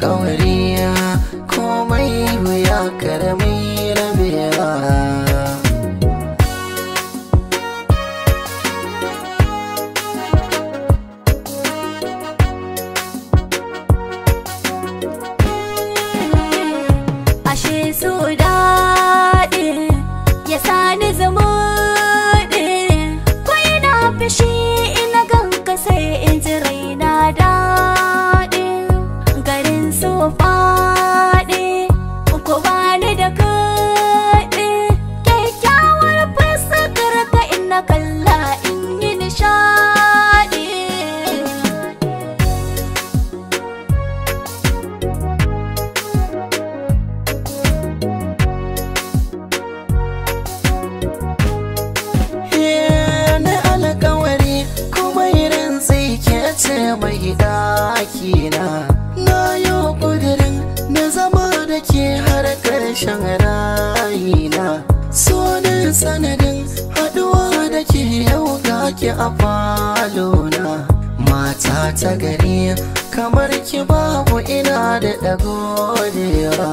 going so faɗi, ku ba ni da kai. da ke har karshen rayina so da sanadin haɗuwa da ke yau ga ki a falona mata ta gari kamar ki babu ina da dagodewa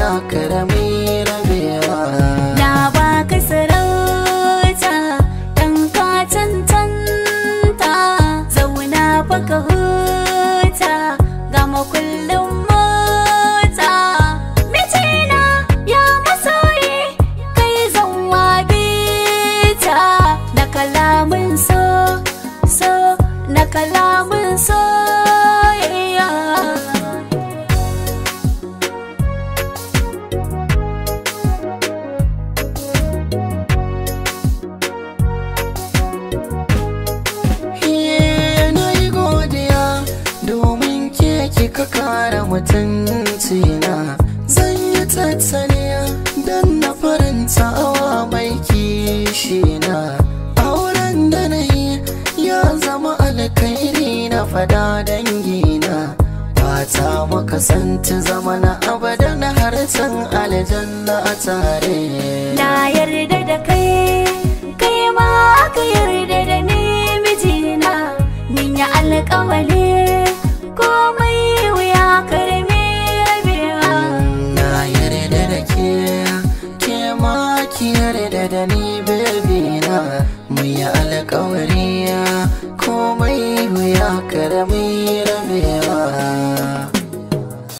na karami rabewa da ba ka sarauta dan ka cancanta zauna fa ka huta ga makullin ke kika kara mutunci na zan yi tattaliya don na faranta awa mai kishi na auren da na yi ya zama alkairi na fada dangina fata makasanci zama na abadan harsan aljanna a tare na yarda da kai ya alƙawari